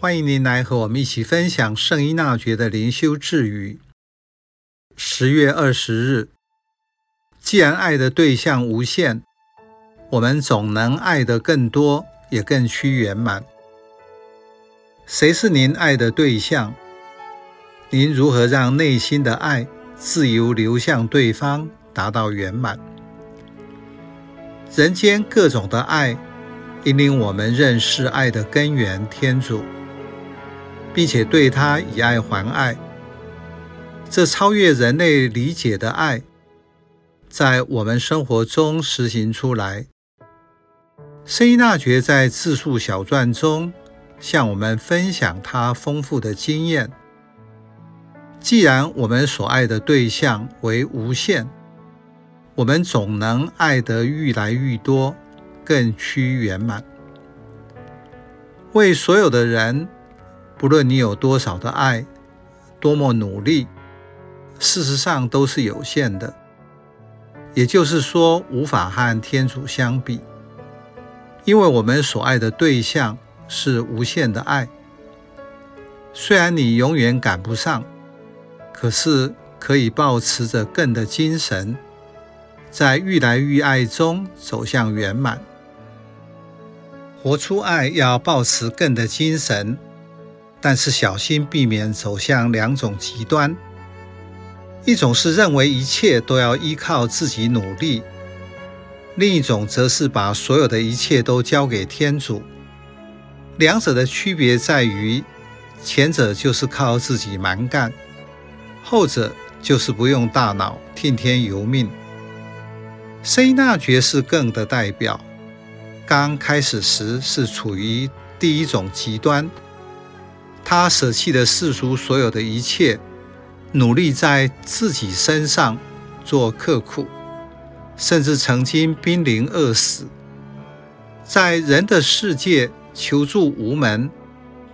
歡迎您來和我們一起分享聖依納爵的靈修智語。十月二十日，既然愛的對象無限，我們總能愛得更多，也更趨圓滿。誰是您愛的對象？您如何讓內心的愛自由流向對方，達到圓滿？人間各種的愛，引領我們認識愛的根源——天主。並且對祂以愛還愛，這超越人類理解的愛，在我們生活中實行出來。聖依納爵在自述小傳中向我們分享他豐富的經驗。既然我們所愛的對象為無限，我們總能愛得愈來愈多，更趨圓滿，為所有的人。不論你有多少的愛，多麼努力，事實上都是有限的，也就是說，無法和天主相比，因為我們所愛的對象是無限的愛。雖然你永遠趕不上，可是可以抱持着更的精神，在愈來愈愛中走向圓滿。活出愛，要抱持更的精神。但是小心避免走向兩種極端：一種是認為一切都要依靠自己努力，另一種則是把所有的一切都交給天主。兩者的區別在於，前者就是靠自己蠻幹，後者就是不用大腦，聽天由命。聖依納爵是更的代表，剛開始時是處於第一種極端。他捨棄了世俗所有的一切，努力在自己身上做克苦，甚至曾經瀕臨餓死，在人的世界求助無門，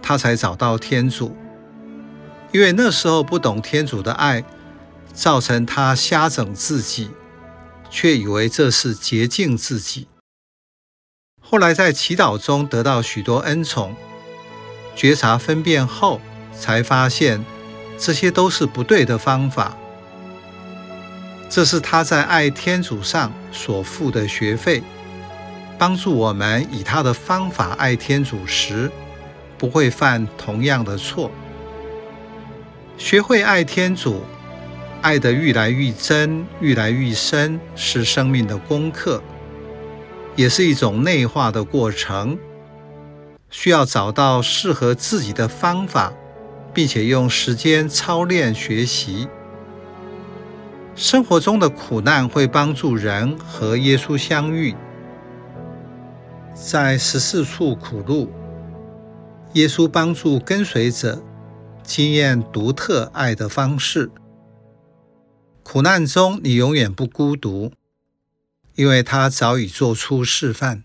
他才找到天主。因為那時候不懂天主的愛，造成他瞎整自己，卻以為這是潔淨自己。後來在祈禱中得到許多恩寵。覺察分辨後，才發現這些都是不對的方法。這是他在愛天主上所付的學費，幫助我們以他的方法愛天主時，不會犯同樣的錯。學會愛天主，愛得愈來愈真，愈來愈深，是生命的功課，也是一種內化的過程。需要找到適合自己的方法，並且用時間操練學習。生活中的苦難會幫助人和耶穌相遇。在十四處苦路，耶穌幫助跟隨者經驗獨特愛的方式。苦難中，你永遠不孤獨，因為他早已做出示範。